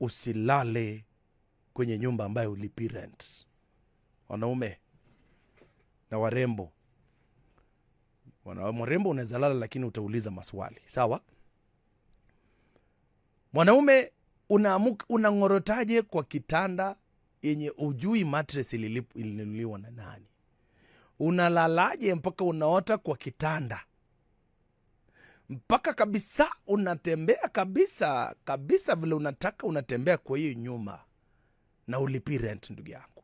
usilale kwenye nyumba ambayo ulipi rent. Wanaume na warembo, mwarembo unaweza lala, lakini utauliza maswali sawa. Mwanaume unang'orotaje kwa kitanda yenye ujui matres ilinunuliwa na nani? Unalalaje mpaka unaota kwa kitanda mpaka kabisa unatembea kabisa kabisa vile unataka unatembea kwa hiyo nyumba na ulipi rent ndugu yangu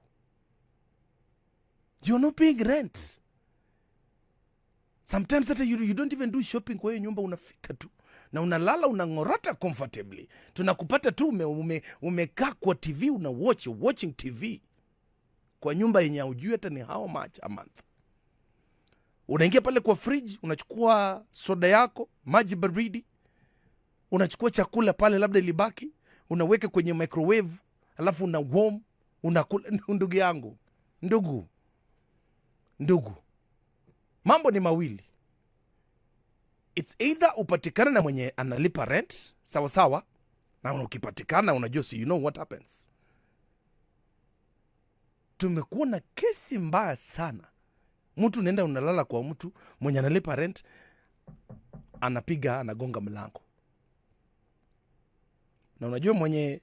you're not paying rent sometimes hata you, you don't even do shopping kwa hiyo nyumba unafika tu na unalala unang'orata comfortably tunakupata tu ume, ume, umekaa kwa tv una watch watching tv kwa nyumba yenye aujui hata ni how much a month unaingia pale kwa friji, unachukua soda yako, maji baridi, unachukua chakula pale labda ilibaki, unaweka kwenye microwave, alafu una warm unakula. Ndugu yangu, ndugu, ndugu, mambo ni mawili. It's either upatikana na mwenye analipa rent sawa sawa, na ukipatikana, unajua si you know what happens. Tumekuwa na kesi mbaya sana mtu naenda unalala kwa mtu mwenye analipa rent, anapiga anagonga mlango, na unajua mwenye